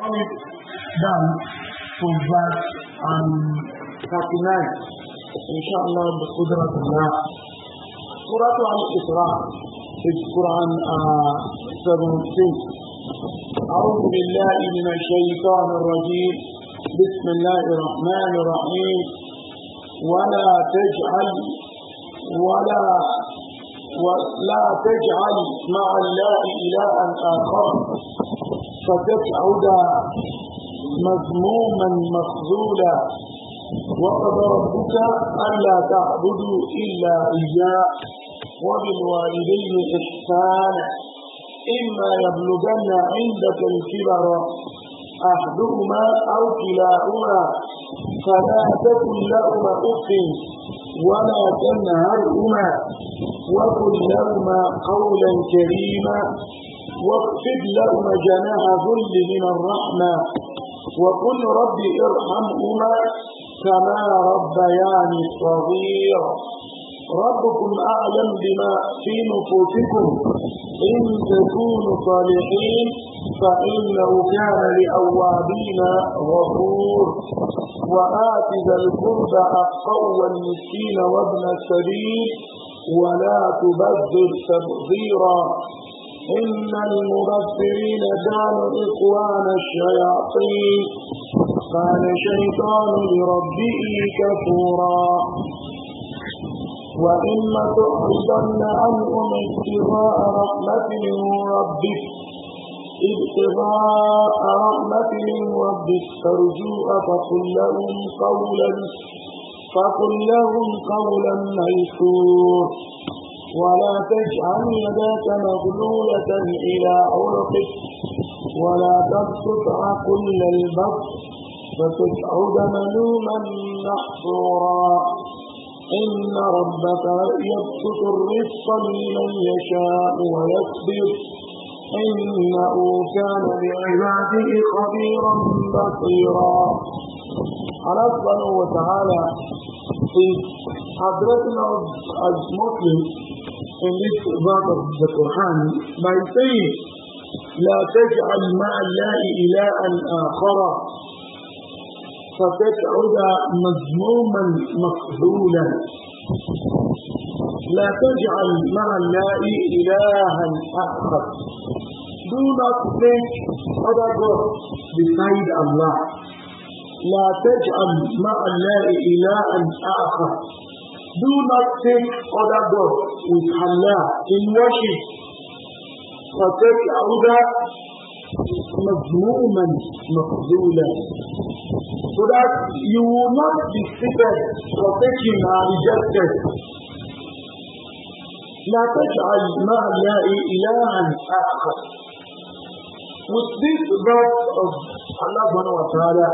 down to verse um, 39 إن شاء الله بقدرة الله سورة عن الإسراء القرآن 17 أعوذ بالله من الشيطان الرجيم بسم الله الرحمن الرحيم ولا تجعل ولا ولا تجعل مع الله إلها آخر فتقعد مذموما مخذولا وقضى ربك ألا تعبدوا إلا إياه وبالوالدين إحسانا إما يبلغن عندك الكبر أحدهما أو كلاهما فلا تكن لهما أف ولا تنهرهما وكن لهما قولا كريما واغفر لهما جناح ذل من الرحمة وقل رب ارحمهما كما ربياني صغيرا ربكم أعلم بما في نفوسكم إن تكونوا صالحين فإنه كان لأوابين غفور وآت ذا القرب حقه والمسكين وابن السبيل ولا تبذر تبذيرا إن المغفرين كانوا إخوان الشياطين كان شيطان لربه كفورا وإما تعرضن عنهم ابتغاء رحمة من ربك ابتغاء رحمة من ربك ترجو فقل لهم قولا فقل لهم قولا ميسورا ولا تجعل يداك مغلولة إلى عنقك ولا تبسط كل البسط فتقعد ملوما محصورا إن ربك يبسط الرزق لمن يشاء ويقدر إنه كان بعباده خبيرا بصيرا على سبحانه وتعالى في حضرتنا المسلم in this القرآن ما the لا تجعل مع الله إلها آخر فتقعد مذموما مقبولا لا تجعل مع الله إلها آخر Do not think other gods beside Allah. لا تجعل مع الله إلها آخر Do not take other gods with Allah in worship. Protect Yahuda مذموما مخذولا so that you will not be seated or taken or rejected لا تجعل مع الله إلها آخر With this verse of Allah subhanahu wa ta'ala,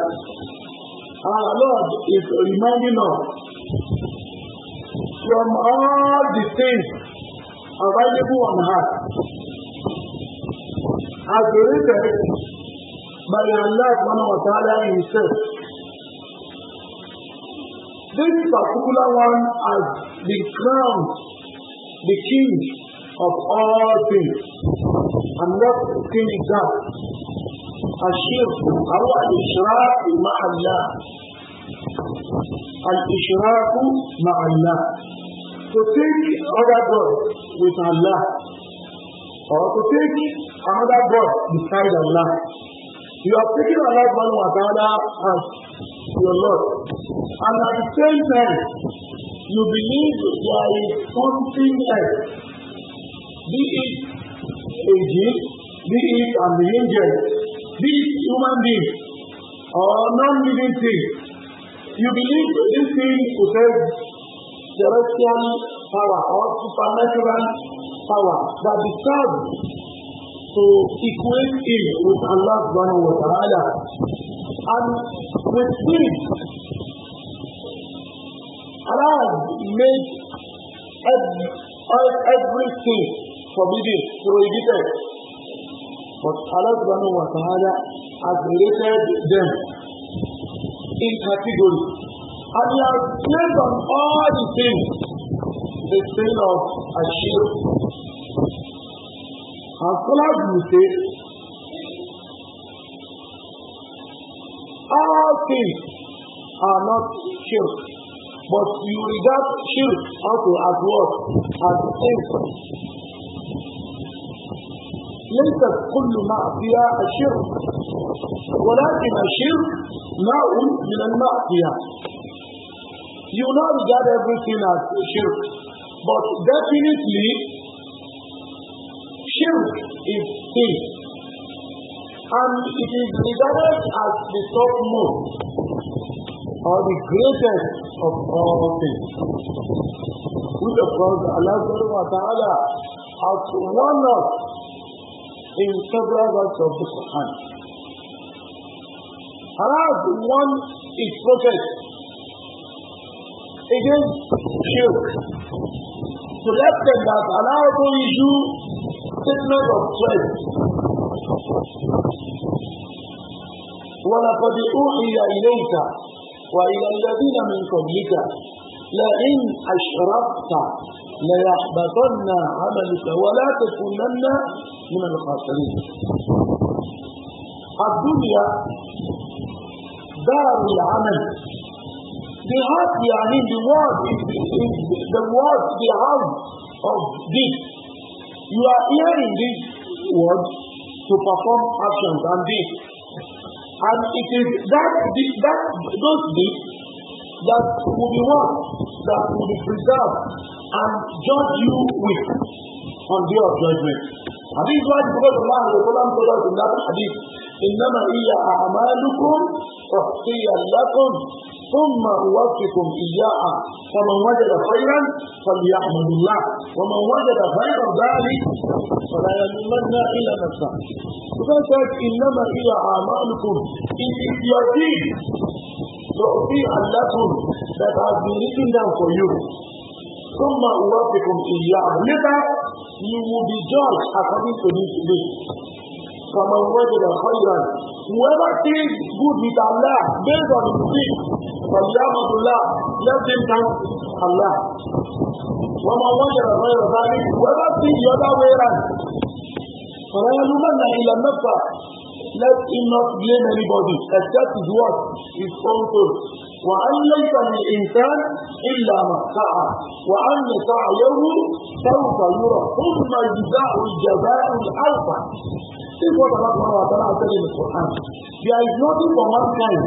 our Lord is reminding us from all the things available on earth. As related by Allah subhanahu wa ta'ala himself. This particular one has the crown, the king of all things. And what king is that? الشرك هو الإشراك مع الله الإشراك مع الله to take another God with Allah or to take another God beside Allah. You are taking Allah one wa ta'ala as your Lord. And at the same time, you believe there is something else. Be it a gift, be it an angel, be it human being or non-living thing. You believe this thing possesses celestial power or supernatural power that deserves to equate him with Allah subhanahu wa ta'ala and with spirit. Allah made every, everything forbidden, prohibited. But Allah subhanahu wa ta'ala has related them in categories. And he has placed on all the things the sin of As far as you say, all things are not shirk, but you regard shirk also as what? As sin. ليس كل معصية الشرك ولكن الشرك نوع من المعصية you not regard everything as shirk. But definitely, shirk is sin. And it is regarded as the topmost or the greatest of all things. Which of course Allah subhanahu ta'ala has warned us in several verses of the Quran. Allah one is his against shirk. To let them that allow allowable issue statement of strength. ولقد أوحي إليك وإلى الذين من قبلك لئن أشرقت ليحبطن عملك ولا تكونن من الخاسرين الدنيا دار العمل The heart, are in the word, the word, the house of this. You are hearing this word to perform actions and this. And it is that, this, that those deeds that will be one, that will be preserved and judge you with on day of judgment. And this is why the Prophet of Allah told us in that hadith, إنما هي أعمالكم تخطي لكم ثم أوفقكم إياها فمن وجد خيرا فليحمد الله ومن وجد غير ذلك فلا يلومن إلا نفسه فقالت إنما هي أعمالكم إن اليقين تؤتي لكم that has been written down for you ثم أوفقكم إياها later you will be judged according to this list فمن وجد خيرا Whoever thinks good with Allah based on his deeds, Allah, let him thank Allah. وما وجد غير ذلك whoever thinks the other way around فلا يلومن إلا نفسه let him not blame anybody except his work, his own soul. وأن ليس للإنسان إلا ما سعى وأن سعيه سوف يرى ثم يجزاه الجزاء الأوفى This is what Allah ta'ala said in the Quran. There is nothing for mankind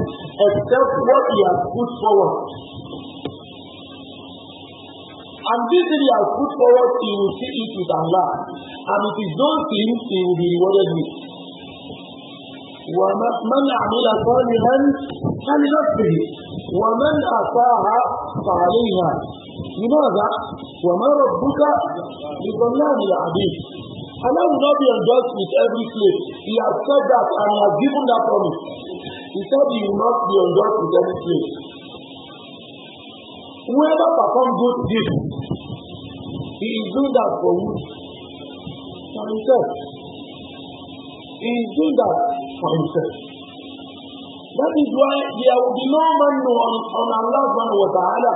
except what he has put forward. And this thing he has put forward, he will see it with Allah. And it is those things he will be rewarded with. ومن عمل صالحا فلنفسه ومن أساء فعليها لماذا؟ وما ربك بظلام العبيد Allah will not be unjust with every slave. He has said that and he has given that promise. He said he will not be unjust with every slave. Whoever performs good deeds, he is doing that for who? For himself. He is doing that for himself. That is why there will be no manu on, on Allah subhanahu wa ta'ala.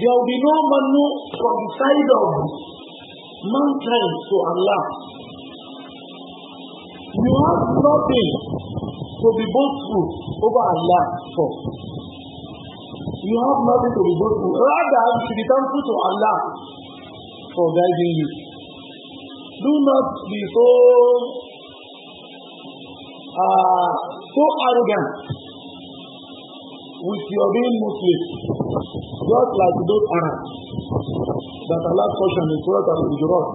There will be no manu from the side of mankind to Allah. You have nothing to be boastful over Allah for. You have nothing to be boastful. Rather, you should be thankful to Allah for guiding you. Do not be so uh, so arrogant with your being Muslim, just like those Arabs that Allah cautioned in Surah Al-Hujurat,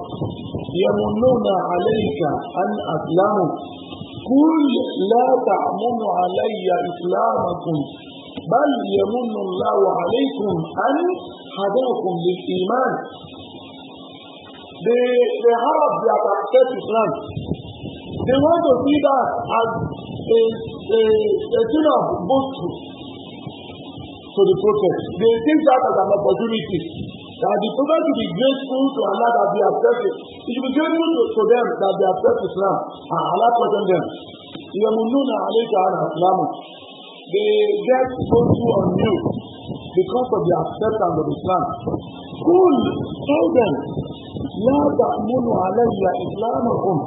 يَمُنُّونَ عَلَيْكَ أَنْ أَسْلَمُوا قُلْ لَا تَعْمُنُ عَلَيَّ إِسْلَامَكُمْ بَلْ يَمُنُّ اللَّهُ عَلَيْكُمْ أَنْ هَدَاكُمْ لِلْإِيمَانِ They, they have their accept Islam They want to see that as a, a, a thing of boost to the prophet. They think that as an opportunity. That the prophet should be grateful to Allah that they have perfect. He should be grateful to, to them that they have Islam. And ah, Allah threatened them. Yamununa alayka ala Islam. They get boastful on you because of the acceptance of Islam. Cool. Tell them. لا تأمنوا علي إسلامكم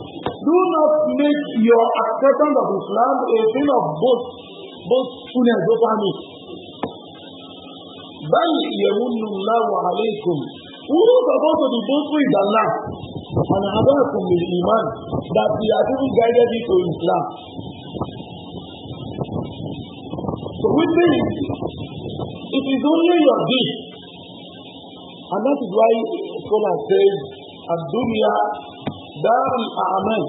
Do not make your acceptance of Islam a thing of both, both fullness, dopamine. بل يمن الله عليكم Who is supposed to be boastful is Allah. And Abakum is Iman, that He has even guided you to Islam. So we think it is only your gift. And that is why scholars say, Abdullah Darul amen.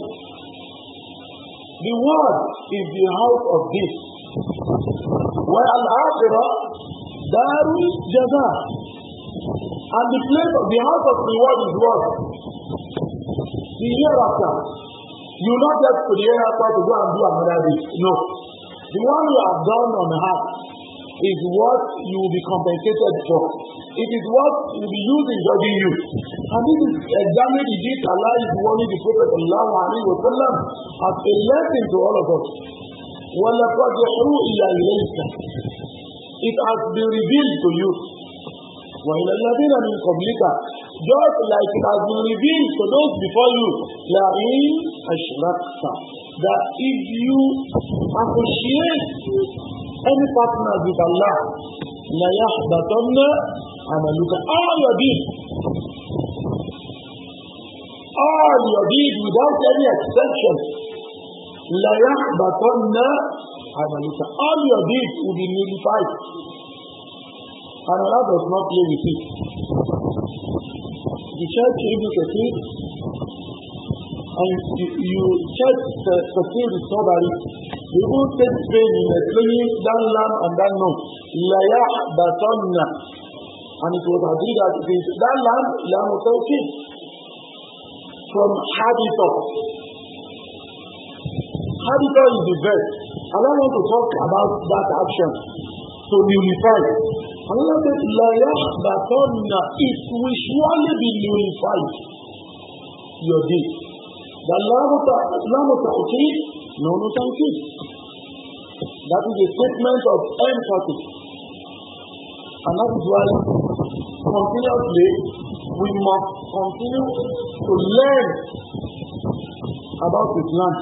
The world is the house of this. Where Al-Akhirah, Darul Jaza. And the place of the house of reward is what? The hereafter. You not get to the hereafter to go and do another thing. No. The one you have done on earth is what you will be compensated for. It is what will be used in judging you. Hadith is examining the deed Allah warning the Prophet sallallahu alayhi wa sallam as a lesson to all of us. وَلَقَدْ يَحْرُوا إِلَى إِلَيْكَ It has been revealed to you. وَإِلَى الَّذِينَ مِنْ قَبْلِكَ Just like it has been revealed to those before you, لَئِنْ أَشْرَكْتَ That if you associate any partner with Allah, لَيَحْبَطَنَّ عَمَلُكَ All your deeds all your deeds without any exception, la yahbatanna amaluka. All your deeds will be nullified. And Allah does not play with it. The church Ibn Kathir, and you, you church uh, Kathir is somebody, they won't take pain in explaining that land and that no. La yahbatanna. And it was agreed that it is that lamb, lamb of from Haditha. Haditha is the best. I don't want to talk about that action to unify. Another says, Layah Batonna, it will surely be unified. Your deed. The Lamu Ta'ukid, no no thank you. That is a statement of empathy. And that is why continuously we must continue to learn about Islam.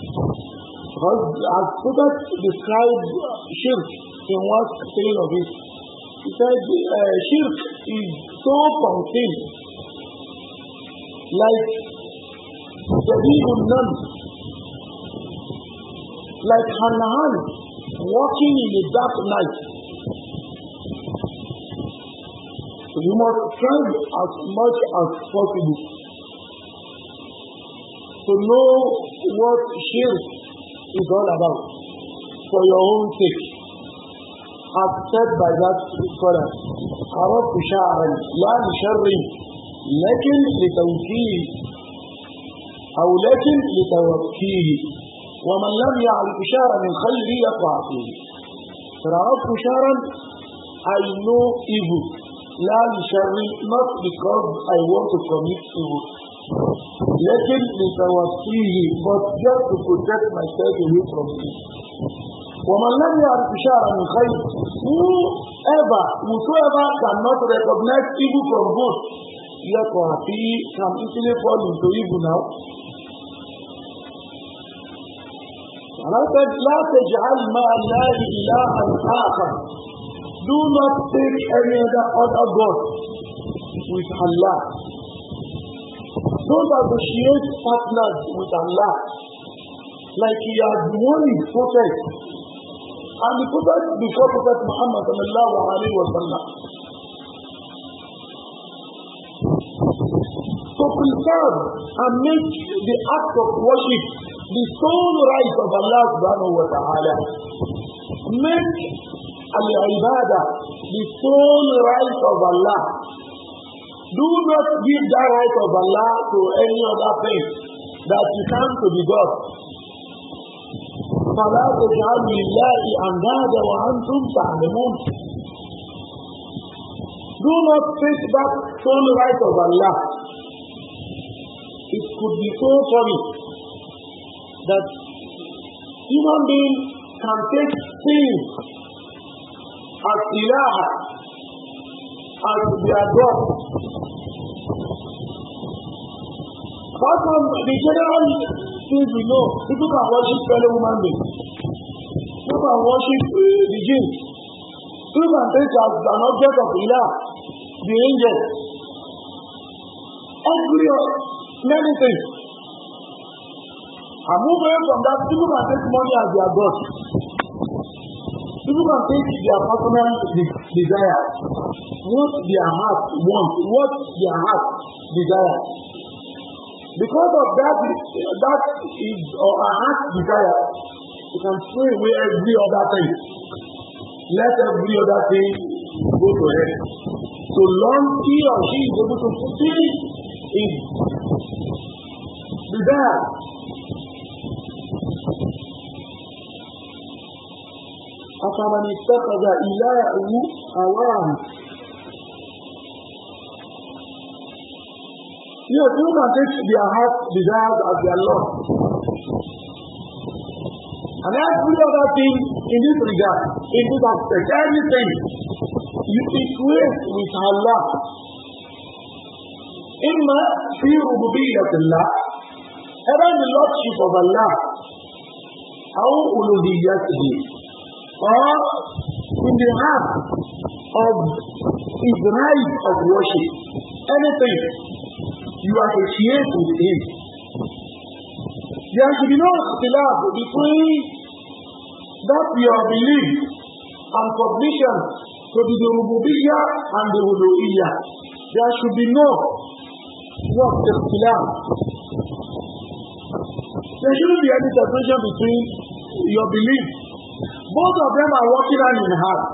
Because as Prophet described shirk in what saying of it, he said uh, shirk is so contained, like the evil nun, like Hanahan walking in the dark night. you must try as much as possible to know what shirk is all about for your own sake. As said by that scholar, عرفت شعرا لا لشر لكن لتوكيه أو لكن لتوكيه ومن لم يعرف شعرا من خير يقع فيه. فعرفت شعرا I know evil La Yishari, not because I want to commit evil. Lakin mutawaffihi, but just to protect myself away from it. ومن لم يعرف شعرا من خير whoever whosoever cannot recognize evil from good therefore he can easily fall into evil now and I said لا تجعل مع الله إلها آخر Do not take any other other God with Allah. Don't associate partners with Allah. Like he has warned prophet. And the prophet before Prophet Muhammad sallallahu alayhi wa sallam. To preserve and make the act of worship the sole right of Allah subhanahu wa ta'ala. Make and ibada, the sole right of Allah. Do not give that right of Allah to any other thing that you come to be God. فلا تجعلوا لله أندادا وأنتم تعلمون Do not take that sole right of Allah. It could be so funny that human beings can take things asilaha as their God. Apart from the general things we know, people can worship fellow human beings. People can worship uh, the jinns. People can take as an object of ilah, the angel. Every uh, many things. And move away from that, people can take money as their God. People can take their personal desire, what their heart wants, what their heart desires. Because of that, that is or our heart desire, you can throw away every other thing. Let every other thing go to hell. So long he or she is able to fulfill his desire. فمن اتخذ إلهه هواه Yes, human takes their heart desires as their Lord. And every other thing in this regard, in this aspect, everything you equate with Allah. Imma fi rububiyyatillah, around the lordship of Allah, how uludiyyatihi, or in the heart of his right of worship. Anything you are associate with him. There should be no ikhtilaf between that your belief and submission to the rububiyyah and the uluhiyyah. There should be no what ikhtilaf. There shouldn't be any separation between your belief Both of them are working on in heart.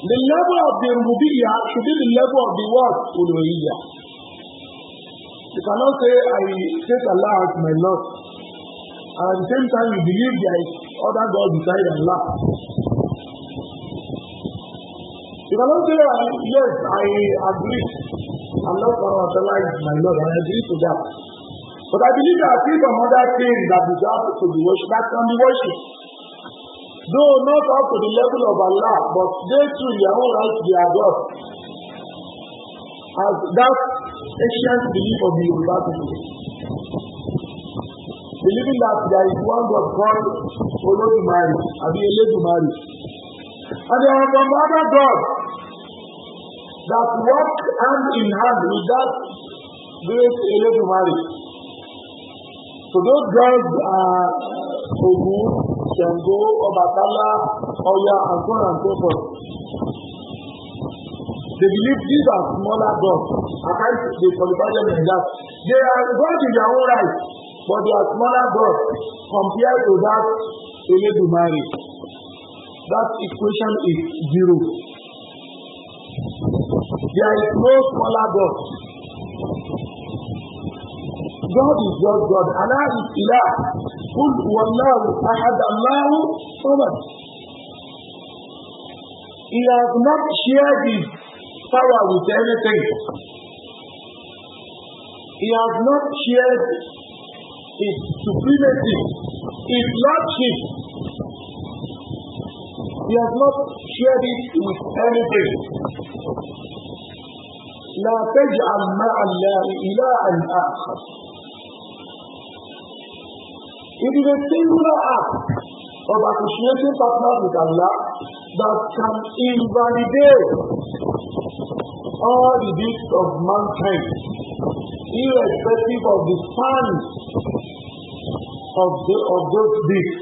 The level of the rububiyyah should be the level of the word uluhiyyah. You cannot say, I take Allah as my Lord. And at the same time, you believe there is other God beside Allah. You cannot say, yes, I agree. Allah subhanahu wa ta'ala is my Lord. I agree to that. But I believe there are three from other things that deserve to be worshipped, that can be worshipped. Though not up to the level of Allah, but they too, their own rights, they are God. As that ancient belief of the Yoruba people. Believing that there is one God called Olodumare, Abi Eledumare. And there are some other gods that work hand in hand with that great Eledumare. So those gods are Ogun, Ṣàngó Ọbàtálá Ọya and so on and so forth. They believe these are smaller gods. I can't they qualify them in that. They are gods in their own right, but they are smaller gods compared to that to Elédùmarè. That equation is zero. There is no smaller God. God is just God. Allah is Ilah. قل هو الله أحد الله صمد He has not shared his power with anything. He has not shared his supremacy, his lordship. He has not shared it with anything. لا تجعل مع الله إلها آخر It is a singular act of associating partners with Allah that can invalidate all the deeds of mankind, irrespective of the stance of, the, of those deeds.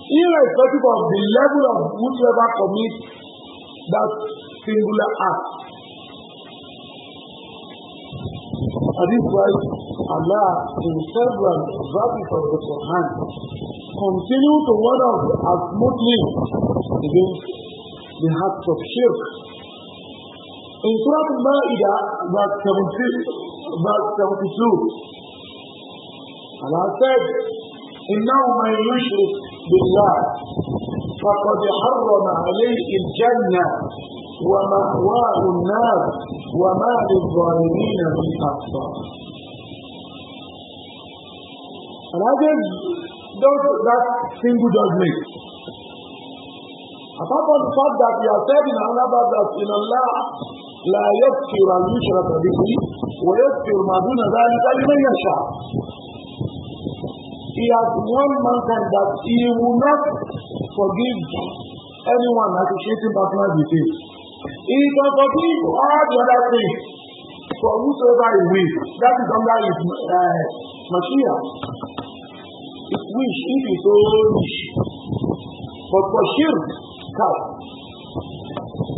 Irrespective of the level of whichever commit that singular act. And this is why Allah in several verses of the Quran continue to warn us as Muslims against the acts of shirk. In Surah Al-Ma'idah, verse 72, verse 72, Allah said, إنه من يشرك بالله فَقَدْ حرم عَلَيْهِ الجنة ومأواه النار وَمَا للظالمين مِنْ أنصار And I just don't that single judgment. Apart from the fact that we are said in another that in Allah لا يغفر أن يشرك به ويغفر ما دون ذلك لمن يشاء. He has one mankind that he will not forgive anyone associating partners with him. He can forgive all the other things for whosoever he will. That is under his uh, Mashiach. It's wish, if you so wish. But for shirk, cut.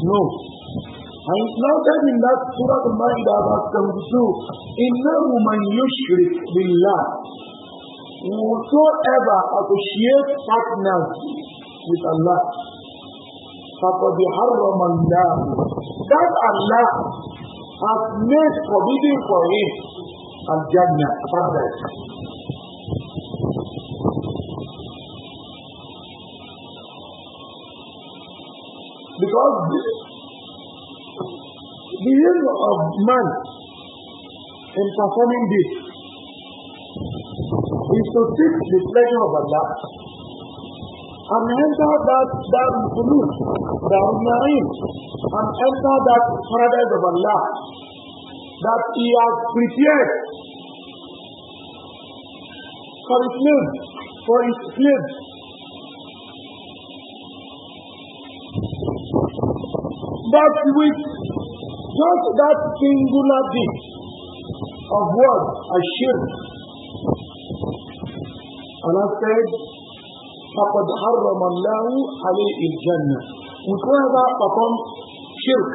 No. And it's now that in that Surah Al-Ma'idah verse 72, إِنَّهُ مَنْ يُشْرِكْ بِاللَّهِ Whosoever associates partners with Allah, فَقَدْ حَرَّمَ اللَّهُ That Allah has made forbidden for him and jannah paradise. Because the, the behavior of man in performing this is to seek the pleasure of Allah and enter that that blue, that marine, and enter that paradise of Allah that He has prepared for His slaves, for His slaves. But with just that singular bit of what? A and I said, فَقَدْ حَرَّمَ اللَّهُ عَلَيْهِ الْجَنَّةِ Whosoever performs shirk,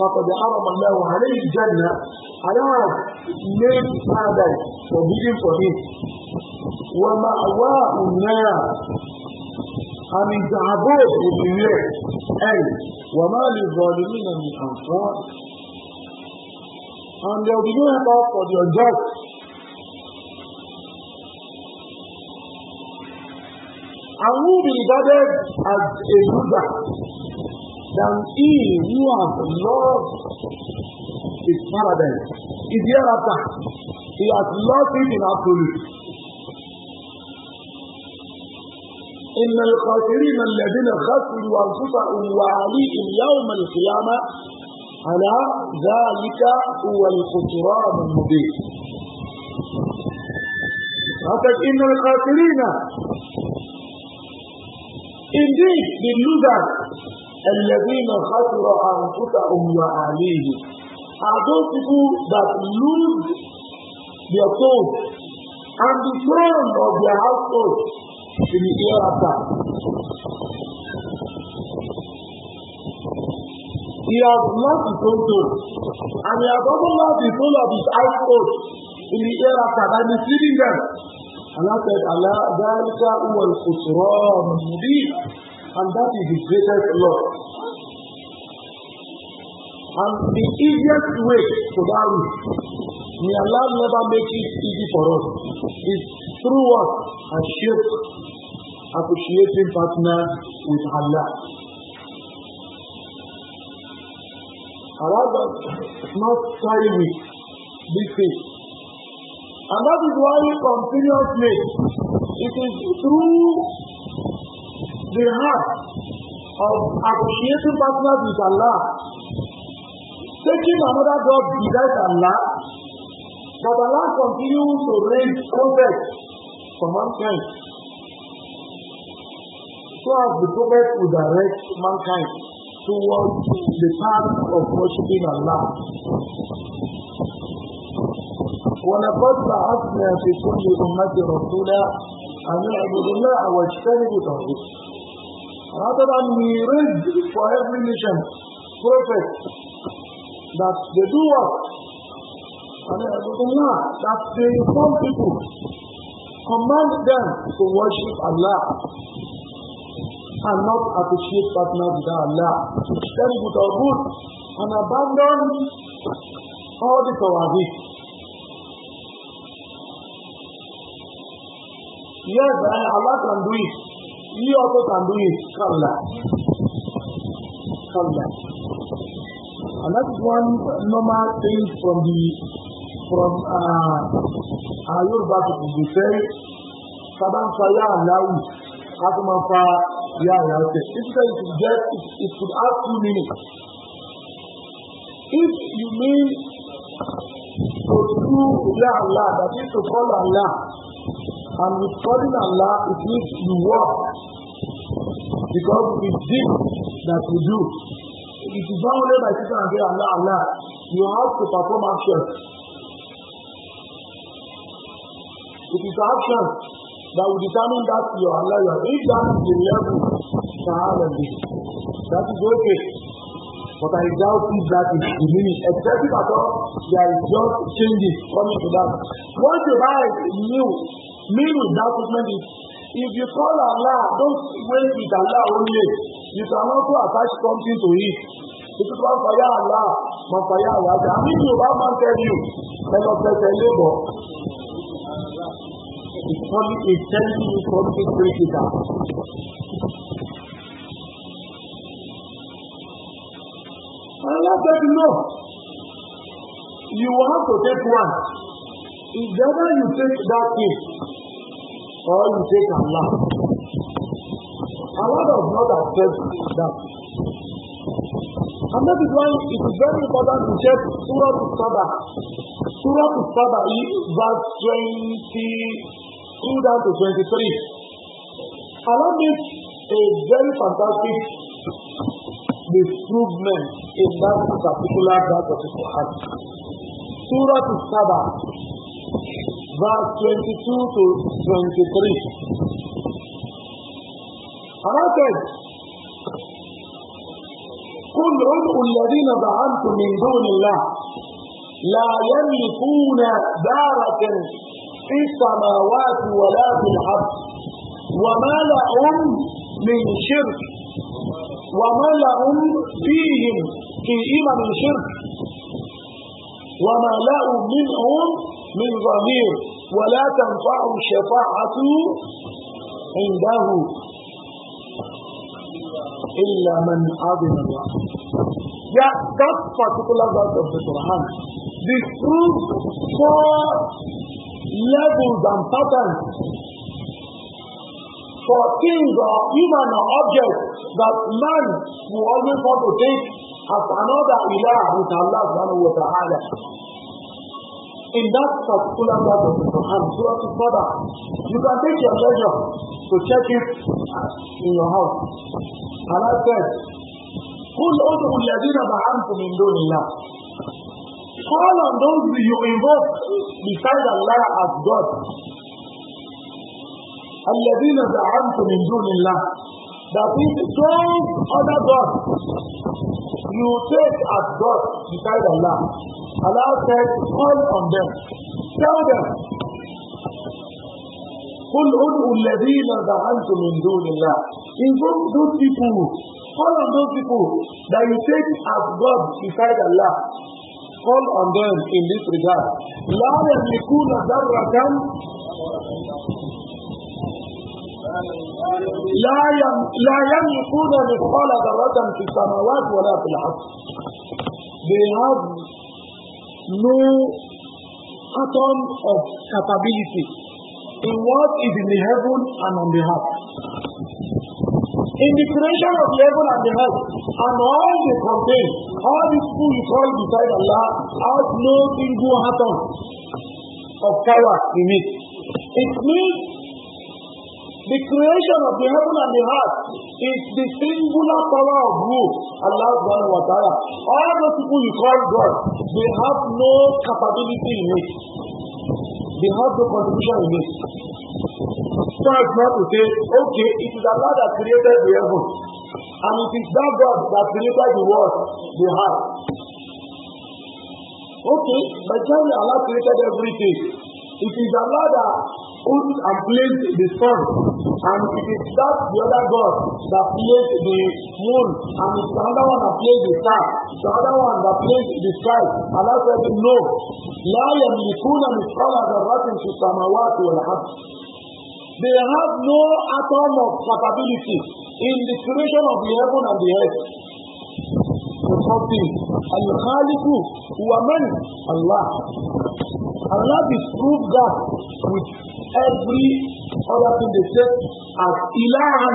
فَقَدْ حَرَّمَ اللَّهُ عَلَيْهِ الْجَنَّةِ Allah made paradise forbidden for him. وَمَأْوَاهُ النَّارِ And his abode will be وما للظالمين من أنصار and they will be going out for their job and who be regarded as a loser than he who has lost his paradise his hereafter he has lost it in absolute إن الخاسرين الذين خسروا أنفسهم وعليهم يوم القيامة على ذلك هو الخسران المبين فقد إن الخاسرين Indeed, the losers, الذين خسروا أنفسهم وعليهم are those people that lose their souls and the throne of their household in the hereafter. He has lost his own soul, and he has also lost the soul of his household in the after by misleading them. Allah said, Allah, is ذَلِكَ هُوَ الْخُسْرَانُ الْمُبِينُ And that is the greatest loss. And the easiest way to that route, may Allah never make it easy for us, is Through what? ship appreciating partner with Allah. Allah does not carry with this thing. And that is why continuously it is through the heart of appreciating partner with Allah, taking another God besides Allah, but Allah continues to raise prophets mankind. So as the prophet will direct mankind towards the path of worshiping Allah. When a ولقد بعثنا في كل أمة رسولا أن اعبدوا الله واجتنبوا الطاغوت. Rather than we read for every nation prophet, that they do what? I mean, أن اعبدوا الله that they inform people Command them to worship Allah and not associate partners with Allah. Then good our good and abandon all the tawahid. Yes, Allah can do it. He also can do it. Come come Kalla. And that is one normal thing from the from uh, àwọn Yorùbá ti dìbò sẹ́yìn sábà ń fa yá àláwù a tún máa ń fa yá tẹ̀ if you say it should get it, it if you mean to do yá àlá that is to call àlá and with calling àlá it means you work because it is that you do If you not only by sitting and say àlá àlá you have to perform actions. It is action that will determine that your Allah, your if that is the level, that is okay. But I doubt if that is the meaning, except if at all there is just changes coming to that. Once you buy new, meaning that statement is if you call Allah, don't wait with Allah only. You can also attach something to it. If you call Faya Allah, Mafaya Allah, I mean, you have man tell you, let us tell a neighbor probably a selfie will probably break it down. Allah said, No. You will have to take one. It's better you take that thing or you take Allah. Allah does not accept that. And that is why it is very important to check Surah Al-Sabah. Surah Al-Sabah is verse 20. 2 down to 23. And that makes a very fantastic improvement in that particular verse of the Quran. Surah to Saba, verse 22 to 23. And I said, قل ادعوا الذين زعمتم من la الله لا في السماوات ولا في الأرض لهم من شرك وما لهم فيهم قيم من شرك وما لهم منهم من ضمير ولا تنفع الشفاعة عنده إلا من أذن الله يا كفة كل verse of the The truth for levels and patterns for things or human or objects that man will always want to take as another ilah with Allah subhanahu wa ta'ala. In that particular verse of the Quran, Surah Al-Fatah, you can take your pleasure to check it in your house. And I said, قل ادعوا الذين زعمتم من دون الله call on those you invoke beside Allah as God. الذين زعمتم من دون الله that is those other gods you take as God beside Allah. Allah said, call on them. Tell them. قل ادعوا الذين زعمتم من دون الله. Invoke those people. Call on those people that you take as God beside Allah. call on them in this regard. لا يملكون ذرة لا يم... لا يملكون مثقال ذرة في السماوات ولا في الأرض. They have no atom of capability in what is in the heaven and on the earth. In the creation of the heaven and the earth and all they contain, All these people you call beside Allah have no single atom of power in it. It means the creation of the heaven and the earth is the singular power of who? Allah subhanahu wa ta'ala. All those people you call God, they have no capability in it. They have no contribution in it. So it's not to say, okay, it is Allah that created the heaven. And it is that God that created the world, the heart. Okay, by the time Allah created everything, it is Allah that put and placed the sun, and it is that the other God that placed the moon, and it's another one that placed the star, the other one that placed the sky. Allah said, No, moon and لا يملكون مثقال ذرة في السماوات والأرض. They have no atom of capability in the creation of the heaven and the earth. Something. Al-Khaliqu huwa man? Allah. Allah disproved that with every other thing they said as ilahan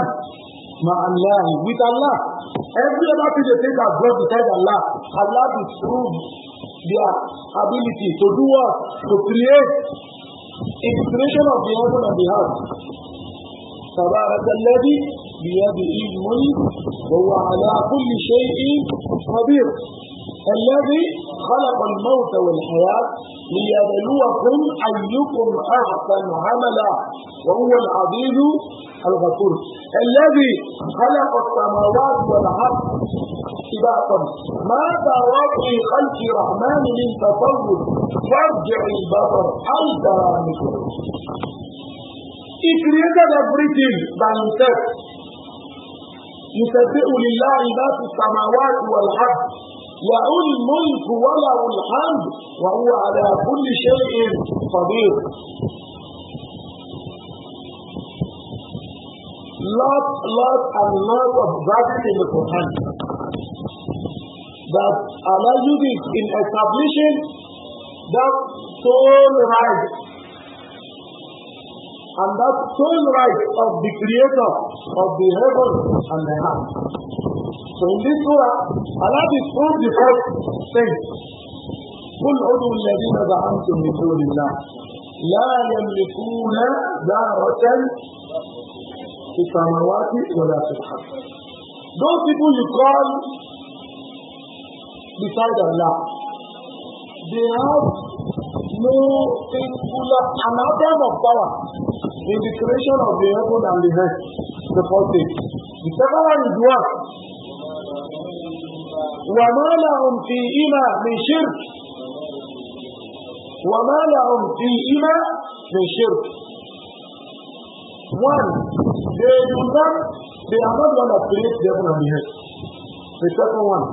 ma'allahi. With Allah. Every other thing they take as God besides Allah. Allah disproved their ability to do what? To create in the creation of the heaven and the earth. تبارك الذي بيده الملك وهو على كل شيء قدير الذي خلق الموت والحياة ليبلوكم أيكم أحسن عملا وهو العزيز الغفور الذي خلق السماوات والأرض سباقا ما ترى في خلق الرحمن من تفوت فارجع البصر هل ترى مثله He created everything يسبح لله ما في السماوات والارض وله الملك وله الحمد وهو على كل شيء قدير Lot, lot, and lot of verses in the Quran that Allah uses in establishing that soul right and that sole right of the creator of the heaven and the earth. So in this surah, Allah disproved the first thing. قل ادعوا الذين زعمتم من دون الله لا يملكون ذرة في السماوات ولا في الأرض. Those people you call beside Allah, they have no faithful amount of power in the creation of the heaven and the earth, the first thing. The second one is what? وما لهم فيهما من شرك وما لهم فيهما من شرك One, they do not, they are not going to create the heaven and the earth. The second one,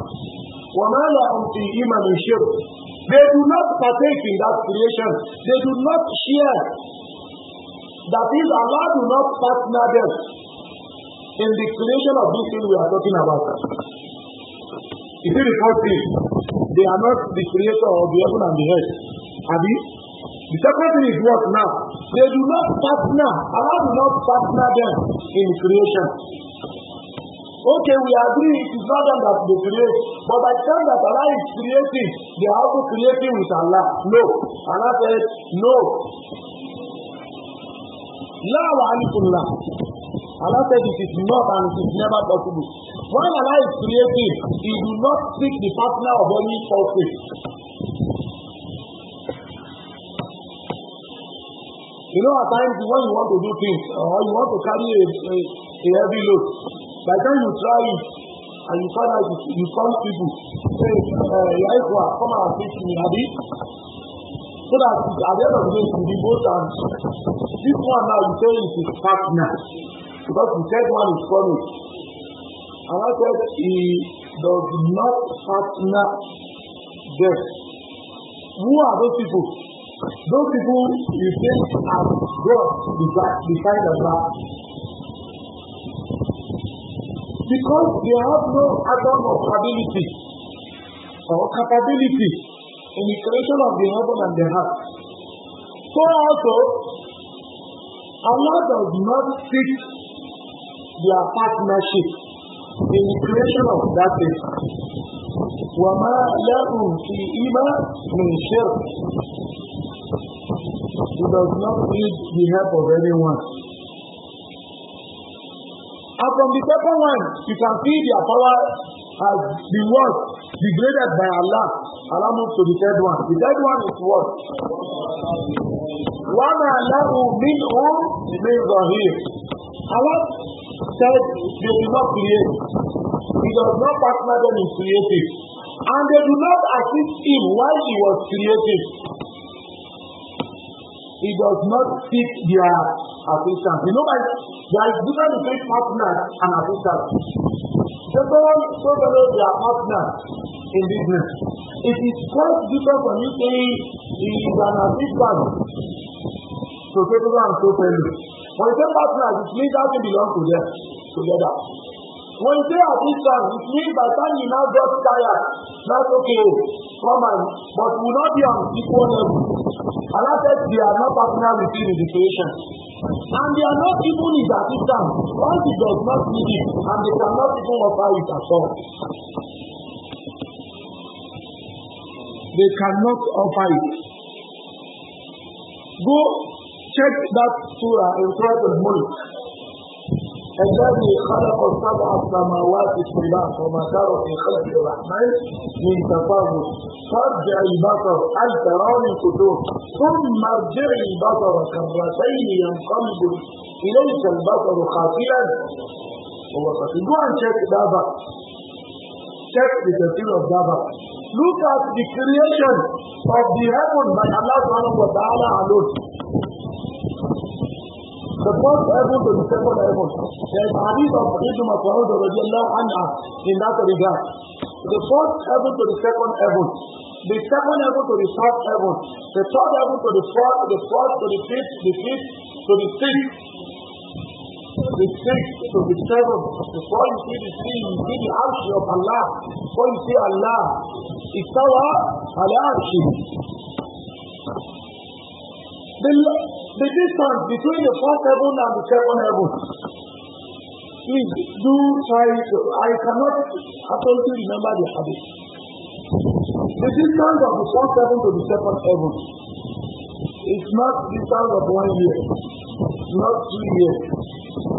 وما لهم فيهما من شرك They do not partake in that creation. They do not share That is, Allah do not partner them in the creation of this thing we are talking about. You see the first thing, they are not the creator of the heaven and the earth. Abi? The second thing is what now? They do not partner. Allah do not partner them in creation. Okay, we agree it is not them that they create, but by the that Allah is creating, they are also creating with Allah. No. Allah said, no láwà alìkùnlá Allah said it is not and it is never possible when Allah is creative; he do not seek the partner of any culprit you know at times when you want to do things or you want to carry a a, a heavy load by the time you try it and you find out you come people say uh, your wife come and assist me abi So that at the end of the day, it be both and this one now you say is his partner. Because the third one is coming. And I said he does not partner them. Who are those people? Those people you think are God beside Allah. Because they have no atom of ability or capability in the creation of the heaven and the earth. So also, Allah does not seek their partnership in the creation of that thing. وما لهم فيهما من شرك He does not need the help of anyone. And from the second one, you can see their power has been what? Degraded by Allah. Allow me to the third one. The third one is what? One وَمَا لَهُ مِنْهُمْ مِنْ here. Allah said they do not create. He does not partner them in creating. And they do not assist him while he was creating. He does not seek their assistance. You know, like, there is difference between partner and assistance. Several, so they are partners in business, It is quite different from me saying he is an assistant to people and so fellow. When you say partners, it means that they belong to them together. When you say assistant, it means by the time you now got tired, that's okay, come on, but will not be on equal level. And I said they are not partner with you in the creation. And they are not even his assistants. Once he does not need it, and they cannot even offer it at all they cannot offer it. Go check that surah in Surah Al-Mulk. الذي خلق سبع سماوات طباقا وما ترى في خلق الرحمن من تفاوت فارجع البصر هل ترى من فتور ثم ارجع البصر كرتين ينقلب اليك البصر خاسئا هو خاسئ go and check that back check the tafsir of that back Look at the creation of the heaven by Allah subhanahu wa ta'ala alone. The first heaven to the second heaven. There is hadith of Ibn Mas'ud radiallahu anha in that regard. The first heaven to the second heaven. The second heaven to the third heaven. The third heaven to the fourth, the fourth to the fifth, the fifth to the sixth with sense to the servant. Before you see the sea, you see the arch of Allah. Before you see Allah, istawa ala arshi. The, the distance between the first heaven and the seventh heaven. Please do try to, I cannot absolutely remember the hadith. The distance of the first heaven to the seventh heaven is not the distance of one year, not two years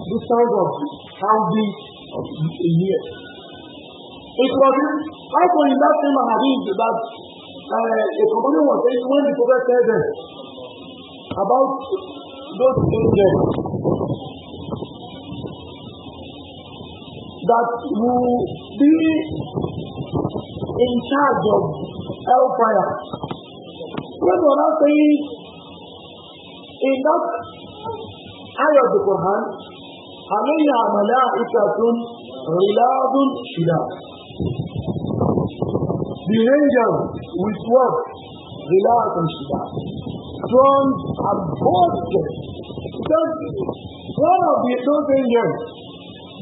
the sound of sounding of a year. It was how in that same hadith that uh, a company was saying when the prophet said them about those angels that will be in charge of hellfire. When were are not saying in that eye of the Quran, عليها ملائكة غلاظ شداد The angels with what? غلاظ شداد Strong and boasted. That one of the those angels,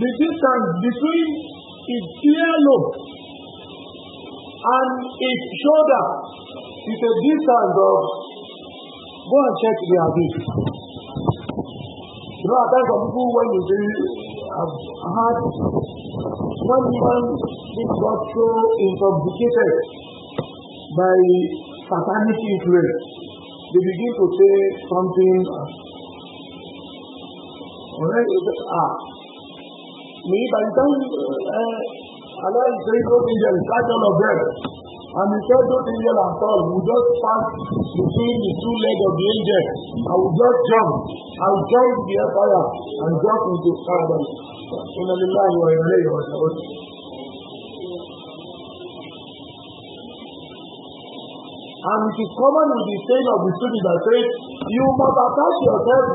the distance between its earlobe and its shoulder is a distance of go and check the abyss. So at some people when they say, I've had not even this got so intoxicated by satanic influence. They begin to say something alright ah me by the time uh, Allah is saying those angels catch all of them and he said those angels are tall we just pass between the two legs of the angel I will just jump I'll joined the fire and dropped into paradise. In the lillahi wa inna ilayhi raji'un. And it is common with the saying of the students that says, you must attach yourself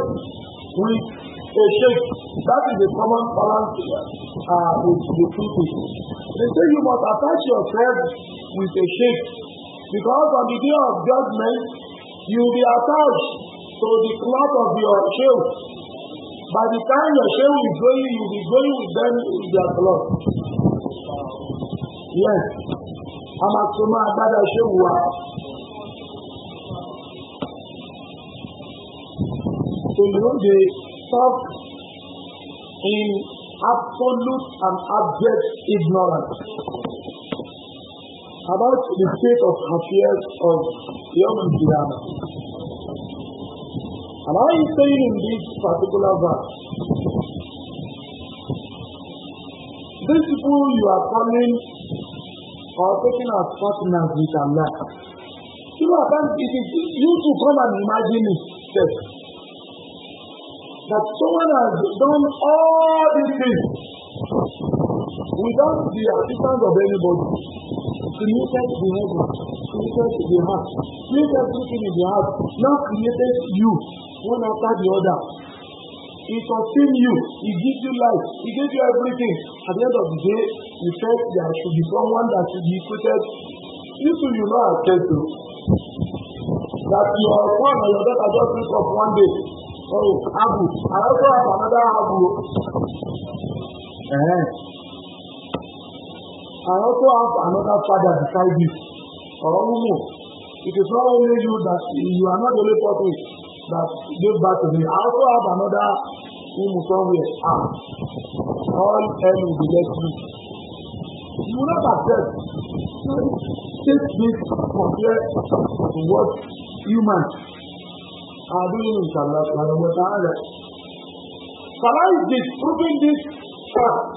with a shape." That is a common balance uh, with the two people. They say you must attach yourself with a shape because on the day of judgment, you will be attached So the cloth of your shew, by the time your shoe is going, you'll be going with them with their cloth. Yes. I'm A máa tún Shoe gbádà wa. So you know they talk in absolute and abject ignorance about the state of affairs of young Kiyama. And I am saying in this particular verse, these people you are calling or taking as partners with Allah, you know, I it is you to come and imagine it yourself that someone has done all these things without the assistance of anybody. Created the heaven, created the heart, created everything in the heart, now created you one after the other. He sustain you. He gives you life. He gave you everything. At the end of the day, you felt there should be someone that should be treated. This will you I accept to. That your son or your daughter just wake up one day. Oh, Abu, I also have another Abu. Eh. I also have another father beside you. Or Umu. It is not only you that you are not the only person that give back to me. I also have another woman somewhere. Ah, all hell will be left me. You will not accept. Take this compared to what humans are doing in Salah subhanahu wa ta'ala. Salah is this, this fact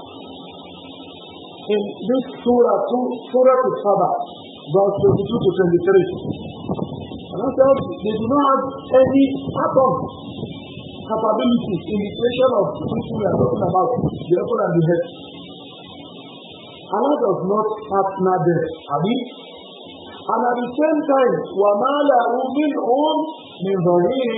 in this surah, surah to Sabah, verse 22 to 23. And they do not have any part of capability in the creation of people we are talking about, the apple and the head. Allah does not have them, Abi. And at the same time, وَمَا لَهُ مِنْهُمْ مِنْ ظَهِيرٍ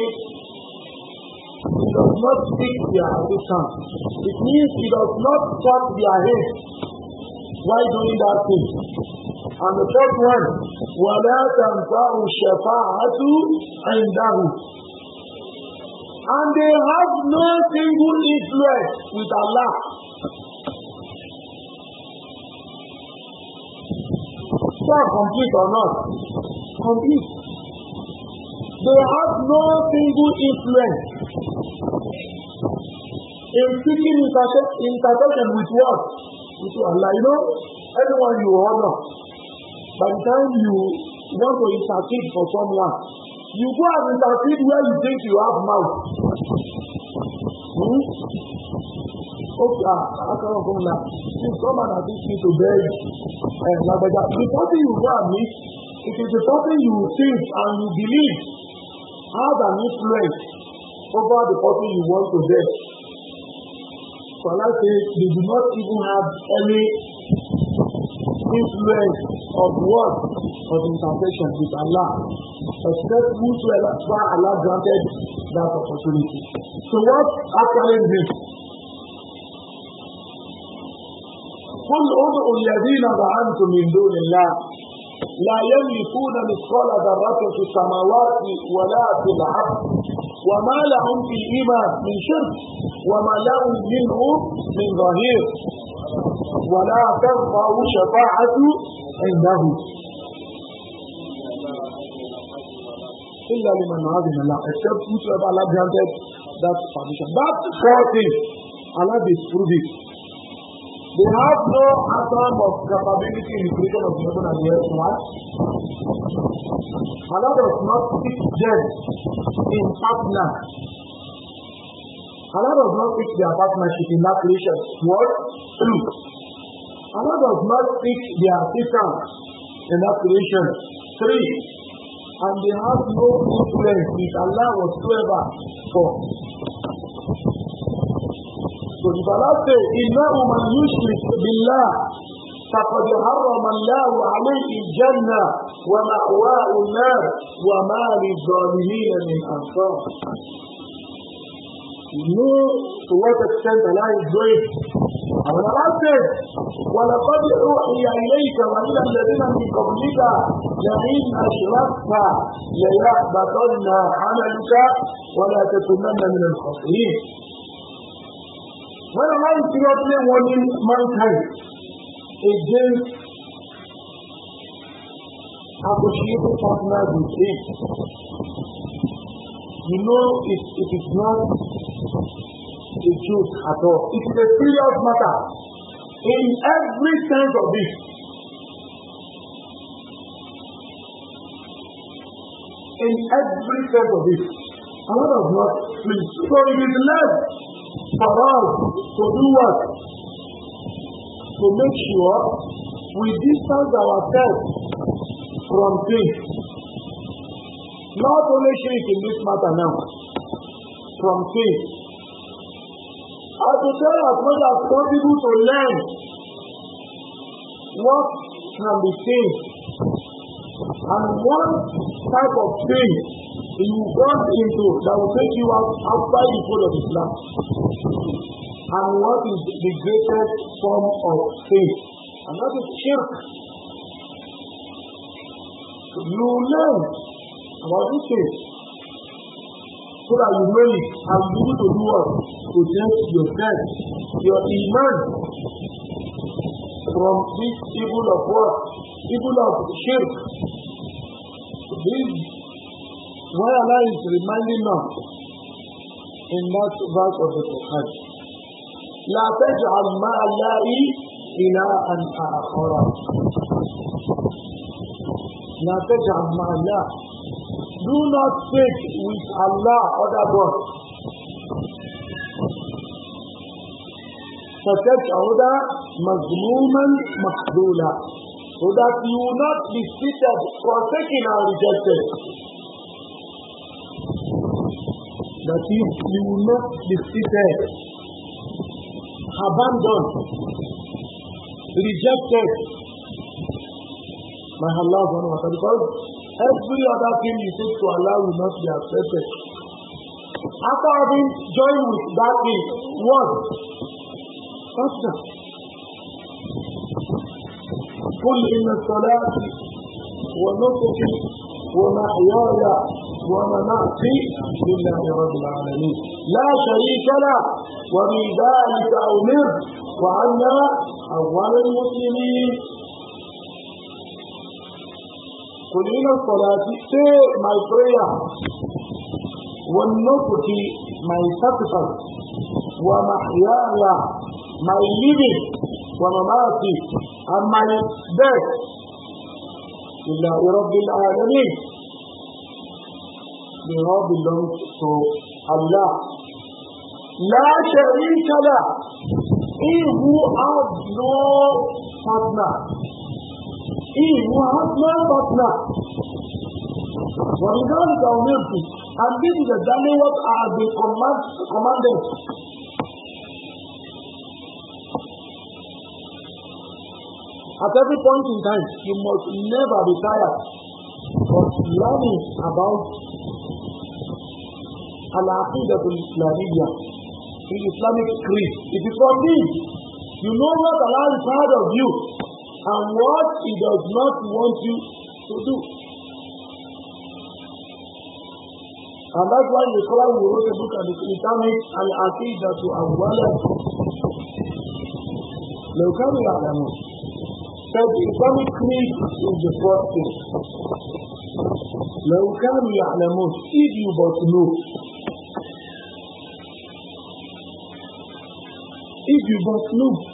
He does not speak their assistance. It means he does not cut their head while doing that thing. And the fourth one, وَلَا تَنْفَعُ الشَّفَاعَةُ عِنْدَهُ And they have no single influence with Allah. Start complete or not? Complete. They have no single influence in seeking intercession with what? With Allah. You know, anyone you honor. By the time you want to intercede for someone, you go and intercede where you think you have mouth. Hmm? Okay, ah, I cannot go now. Please come and assist me to beg. And blah, blah, blah. The person you go and meet, it is the person you think and you believe has an influence over the person you want to beg. So I say they do not even have any influence of what? Of intercession with Allah. Except whosoever Allah granted that opportunity. So what actually means? قل ادعوا الذين زعمتم من دون الله لا يملكون مثقال ذرة في السماوات ولا في الأرض وما لهم في الإيمان من شرك وما لهم منه من ظهير wàlá àfẹ́fà òṣèpá àti ẹ̀yìndáhù ilẹ̀ ìmọ̀nà àbìnàlá except whosoever Allah granted that permission that four things Allah disproved it they have no atom of capability in the creation of heaven and the earth why Allah does not teach them in partner Allah does not teach their partnership in that creation what truth. Allah does not pick their account in that creation. Three, and they have no influence with Allah whatsoever. Four. So the Balat says, Inna human يُشْرِكْ بِاللَّهِ فقد حرم الله عليه الجنة ومأواه النار وما للظالمين من أنصار know to what extent Allah is great. And when Allah says, وَلَقَدْ أُوحِيَ إِلَيْكَ وَإِلَى الَّذِينَ مِنْ قَبْلِكَ لَئِنْ أَشْرَكْتَ لَيَحْبَطَنَّ عَمَلُكَ وَلَا تَكُونَنَّ مِنَ الْخَاسِرِينَ When Allah is seriously warning mankind against associated partners with him, you know it, it is not the Jews at all. It is a serious matter in every sense of this, In every sense of it. Allah does not please. So it is left for us to do what? To make sure we distance ourselves from things. Not only shirk in this matter now, from things. I prepare as much as possible to learn what can be seen and what type of thing you want into that will take you out outside the fold of Islam and what is the greatest form of sin and that is shirk. You learn about these things so that you know it and be able to do what? Protect yourself, your iman from this evil of what? Evil of shirk. This why Allah is reminding us in that verse of the Quran. لا تجعل مع الله إلها آخر. لا تجعل مع الله Do not take with Allah other gods. فتجعل مذموما مخذولا so that you will not be seated forsaken and rejected. That is, you will not be seated, abandoned, rejected by Allah subhanahu wa ta'ala because Every other thing you take to allow will not be accepted. After having joined with that thing, one, fasting. قل إن الصلاة ونسكي ومحياي ومماتي لله رب العالمين لا شريك له وبذلك أمرت وأنا أول المسلمين قل الصلاة say my prayer والنطق my sacrifice ومحياي my living ومماتي and my death لله رب العالمين They all belong to Allah. لا شريك له. He who has no partner ìwọ̀n asmọ́ ọ̀tnà وَلِذَلِكَ أُمِرْتُ And this is exactly what I have been commanded. At every point in time, you must never be tired of learning about Al-Aqidah al-Islamiyya, the Islamic creed. If is for me. You know what Allah is proud of you and what he does not want you to do. And that's why the Quran we wrote a book on the Islamic al Aqidah to Awala. لو كانوا يعلمون said the Islamic creed is the first thing. لو كانوا يعلمون if you but know if you but know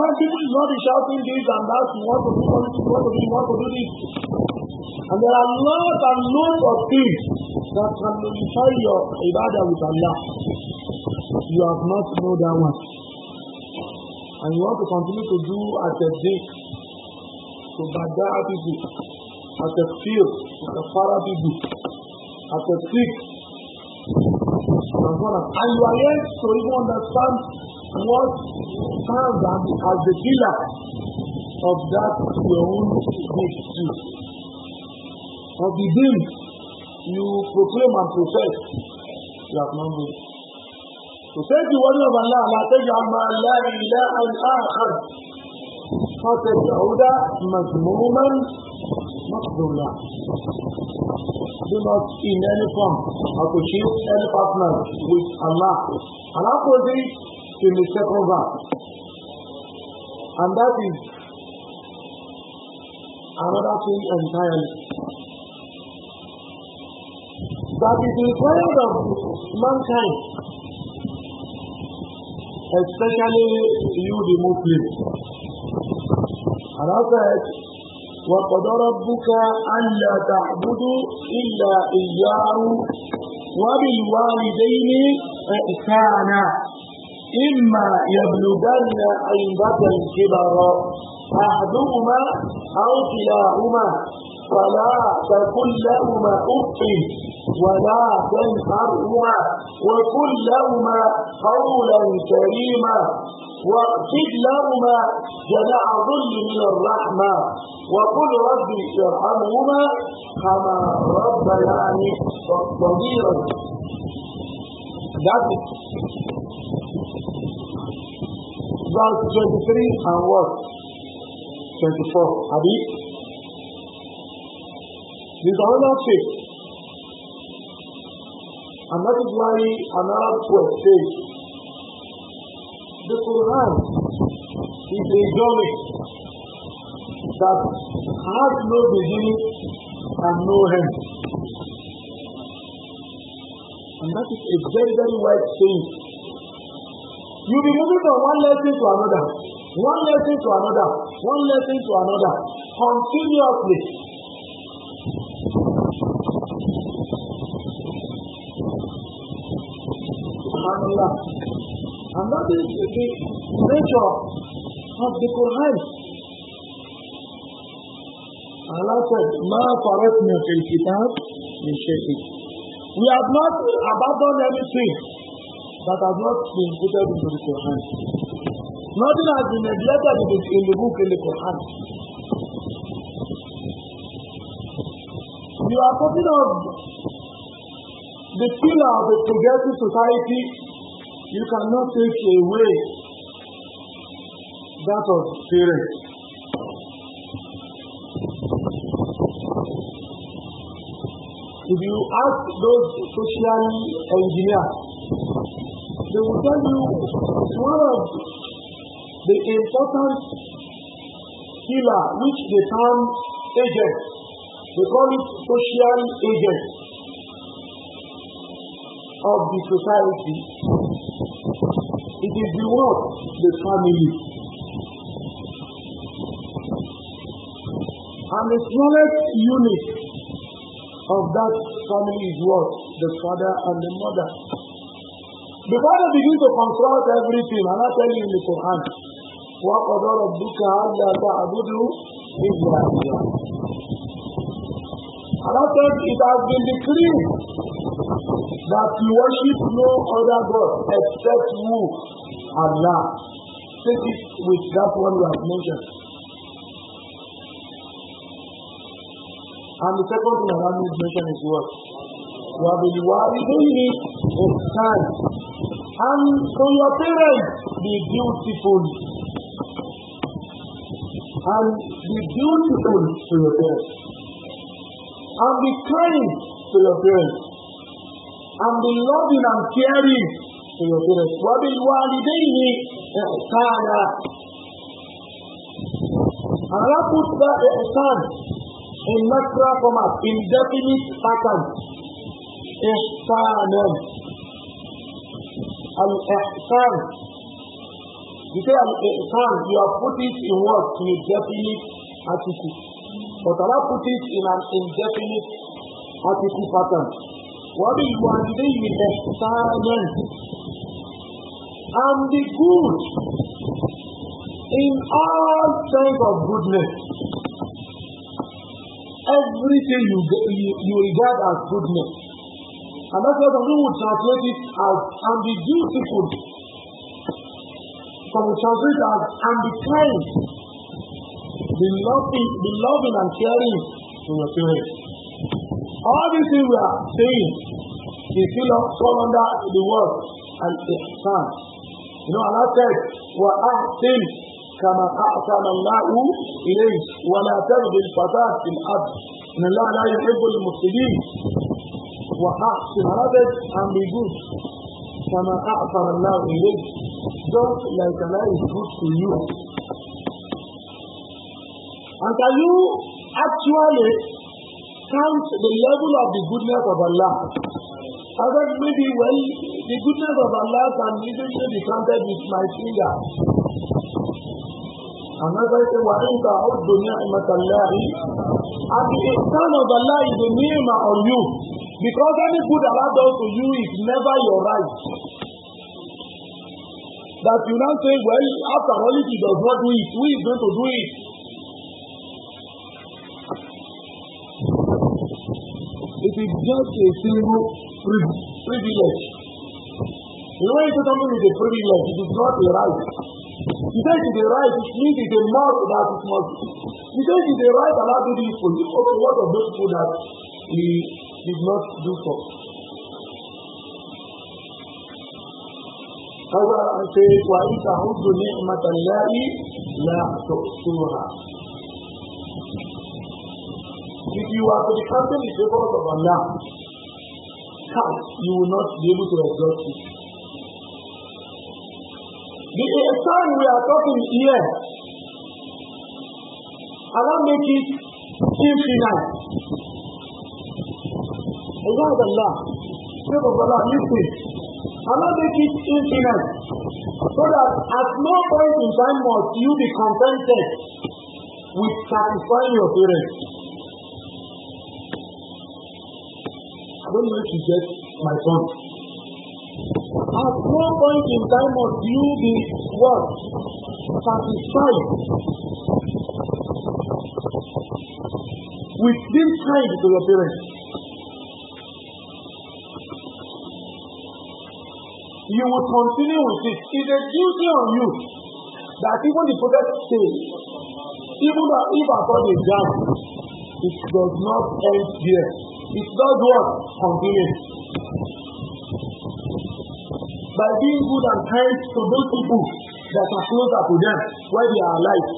among people is not be shouting this and that, you want to do this, you want to do, you want to do this. And there are lots and lots of things that can nullify your ibadah with Allah. You have not know that one. And you want to continue to do as a thing, to badar people, as a field, as a fara people, as a sick, and so on. And you are yet to even understand what served as the pillar of that your own good Of the dream you proclaim and profess, you have not made. So say the word of Allah, Allah take your man, la ilaha akhar. فتجعل مذموما مقبولا do not in any form associate any partner with Allah. And how was in the second verse? And that is another thing entirely. That is required of mankind, especially you, the Muslims. And I said, وقد ربك ألا تعبدوا إلا إياه وبالوالدين إحسانا إما يبلغن عندك الكبر أحدهما أو كلاهما فلا تكن لهما أف ولا تنهرهما وكن لهما قولا كريما واخفض لهما جناح ظل من الرحمة وقل ربي ارحمهما كما ربياني صغيرا verse 23 and what? 24. Abi? This is another thing, And that is why another poet says, the Quran is a journey that has no beginning and no end. And that is a very, very wide thing. You be moving from one lesson to another, one lesson to another, one lesson to another, continuously. Subhanallah. And that is the nature of the Quran. Allah said, Ma faratna fil kitab min shay'in. We have not abandoned anything that has not been put into the Quran. Nothing has been neglected in the, book in the Quran. You are talking of the pillar of a progressive society. You cannot take away that of spirit. If you ask those social engineers, they will tell you one of the important pillar which they term agent. They call it social agent of the society. It is the one, the family. And the smallest unit of that family is what? The father and the mother. Before they begin to construct everything, and I'm telling you in the Quran. وَقَضَى رَبُّكَ is the idea. And I said it has been decreed that you worship no other God except you, Allah. Take it with that one you have mentioned. And the second one I to mention is what? of time. And to your parents, be beautiful. And be beautiful to your parents. And be kind to your parents. And be loving and caring to your parents. وَبِالْوَالِدَيْنِ إِحْسَانًا And I put that إحسان in natural format, in definite pattern. إحسانًا Al-Ihsan. You say Al-Ihsan, you have put it in what? to a definite article. But Allah put it in an indefinite article pattern. What is one thing with Ihsanan? And the good in all kinds of goodness. Everything you, you, you regard as goodness. And that's why some people would translate it as and be beautiful. Some would translate it as and be kind. loving, be loving and caring to your parents. All these things we are saying, they still fall under the word and the sun. You know, Allah said, وَأَحْسِنْ كما أحسن الله إليك ولا تبغي الفساد في الأرض إن الله لا يحب المفسدين وأحسن Arabic and be good كما أعطر الله إليك Don't let Allah is good to you and can you actually count the level of the goodness of Allah I said maybe when the goodness of Allah can easily be counted with my finger another say wa inta uddu ni'mat Allah and the son of Allah is a ni'mah on you Because any good Allah does to you is never your right. That you now say, well, after all, if he does not do it, who is going to do it? It is just a single privilege. You know, if something is a privilege, it is not a right. You say it is a right, it means it is a moral that it must. You say it is a right, Allah do this for you. Okay, what of those people that he did not do so. Kaza an ce wa ita hudu ni'matan lahi la tuhsuha. If you are to be counting the favors of Allah, count, you will not be able to exhaust it. The ihsan we are talking here, Allah make it infinite. عباد الله people of Allah listen I'm not making infinite so that at no point in time must you be contented with satisfying your parents. I don't know if you get my point. At no point in time must you be what? Satisfied with this kind to your parents. you will continue with it. It's a duty on you that even the prophet says, even if I thought is down, it does not end here. It does what? Continue. By being good and kind to those people that are closer to them while they are alive.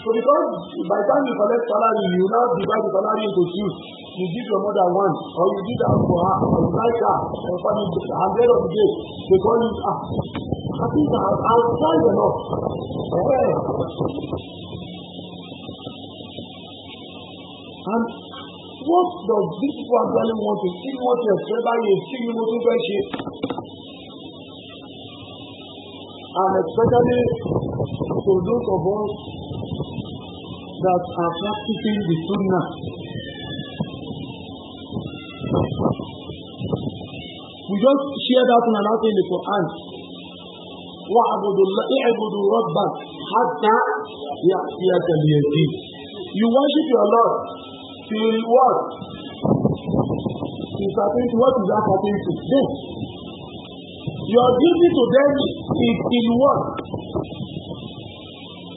So because by the time you collect salary, you now divide the salary into two you give your mother one or you give her for her or you like her or family just at the of the day they call you ah i think i i try enough eh and what does this people actually want to see what your favour is see you know too much and especially to those of us that are practicing the sunnah. just share that one another in the Quran. Wa'budu rabbak hatta ya'tiyaka al-yaqin. You worship your Lord till what? Till certain what is that certain to them? Your duty to them is in what?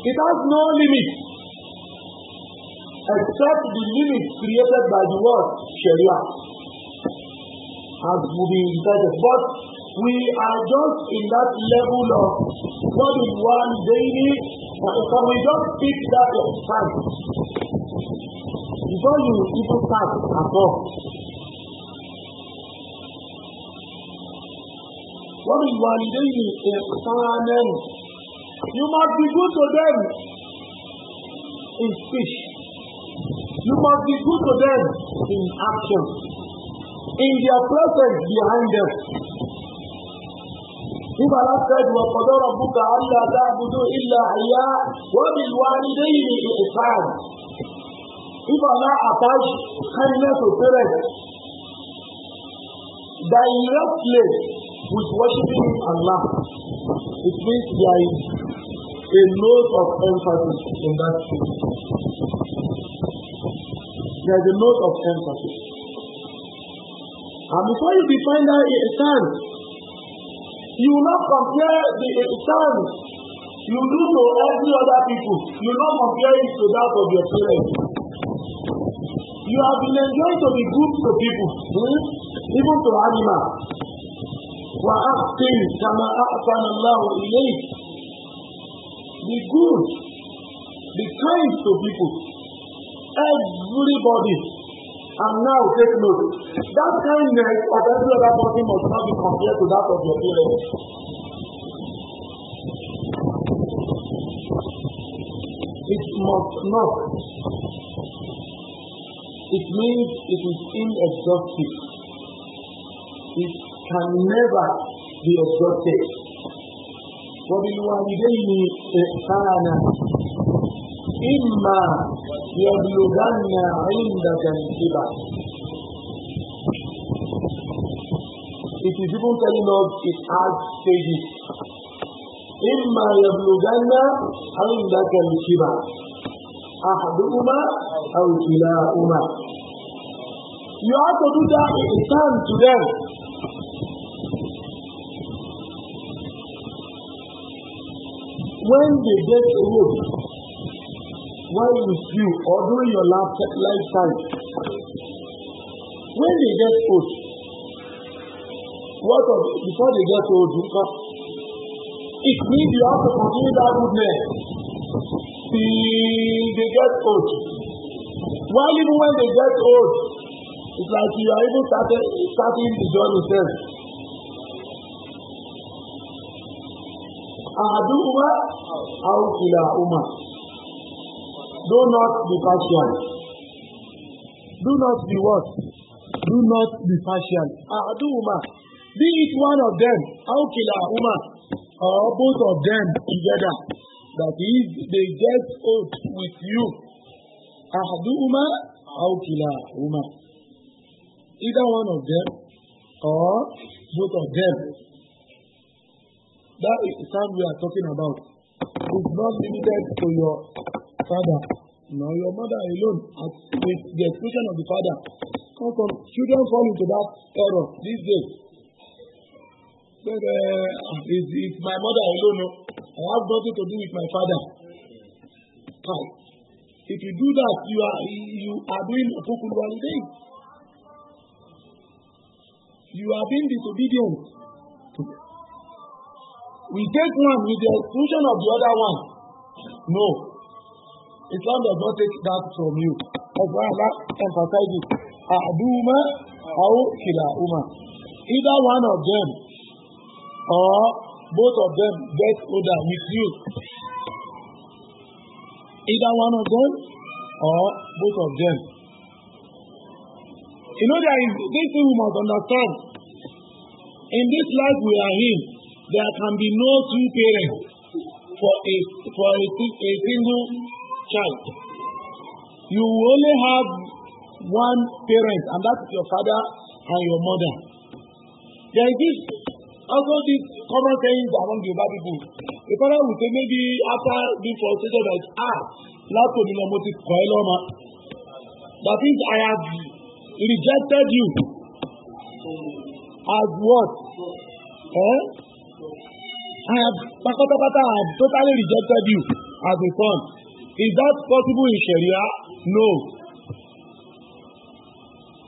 It has no limit except the limit created by the word Sharia has been better. But we are just in that level of what is one daily, so we don't pick that up time. Before you even start at all. What is one daily in common. You must be good to them in speech. You must be good to them in action in their presence behind them. Nígbà látẹ̀jú ọ̀pọ̀dọ́rọ̀ búkà Allah dáàbùdó ilà àyà wọ́n bí wá nílé ìrìn ìsáàn. If Allah attach kindness to parents directly with worshiping Allah. It means there is a note of emphasis in that. thing. There is a note of emphasis. And before you define that ihsan, you will not compare the ihsan you do to every other people. You will not compare it to that of your parents. You have been enjoined to be good to people, hmm? even to animals. وأحسن كما أحسن الله إليك. Be good. Be kind to people. Everybody And now take note. That kindness of every other person must not be compared to that of your parents. It must not. It means it is inexhaustive. It can never be exhausted. you وبالوالدين إحسانا إما يبلغن عندك الكبر It is even telling us it has stages. إما يبلغن عندك الكبر أحدهما أو كلاهما. You have to do that ihsan to them. When they get old, while with you or during your lifetime. When they get old, what of before they get old, it means you have to continue that goodness till they get old. While even when they get old, it's like you are even starting, starting the journey itself. أحدهما أو كلاهما Do not be partial. Do not be what? Do not be partial. Ahaduma. Be it one of them. Aukila Uma. Or both of them together. That is, they get old with you. Ahaduma. Aukila Uma. Either one of them or both of them. That is the time we are talking about. is not limited to your father. Now your mother alone, at with the exclusion of the father. How come children fall into that error these days? But uh, it's, it's my mother alone. No? I have nothing to do with my father. Right. If you do that, you are you are doing a fukul walidain. You are being disobedient. We take one with the exclusion of the other one. No, Islam does not take that from you. That's why Allah emphasizes Aduma or Kilauma. Either one of them or both of them get older with you. Either one of them or both of them. You know, there is this thing we must understand. In this life we are in, there can be no two parents for a for a, a single child. You only have one parent, and that's your father and your mother. There is this, also this common saying among the Yoruba people. The father will say maybe after being frustrated that ah, láti òní lọ mo ti kọ́ ẹ lọ́mọ. That is I have rejected you as what? Eh? I have pátápátá I have totally rejected you as a son. Is that possible in Sharia? No.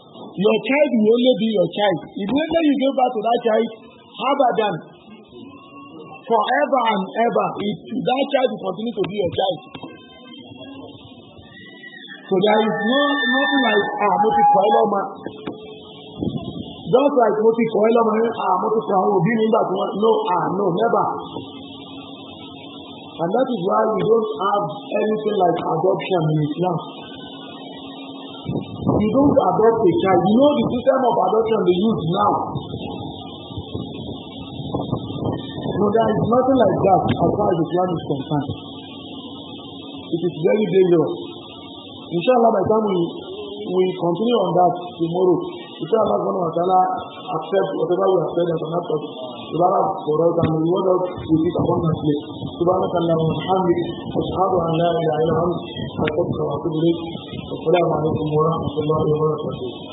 Your child will only be your child. If later you give birth to that child, how about Abadan, forever and ever, it, that child will continue to be your child. So there is no nothing like ah, mo ti Just like mo ti kọ́ ẹ lọ́mọ ní ah, mo ti kọ́ àwọn òbí mi nígbà no ah no never. And that is why we don't have anything like adoption in Islam. You don't adopt a child. You know the system of adoption they use now. No, there is nothing like that as far as Islam is concerned. It is very dangerous. Inshallah, by the time we, we continue on that tomorrow, Inshallah, God will accept whatever we have said as an سبحانك ورد عن الولد وفيك أخونا فيك سبحانك اللهم وبحمدك أشهد أن لا إله إلا أنت أستغفرك وأتوب إليك والسلام عليكم ورحمة الله وبركاته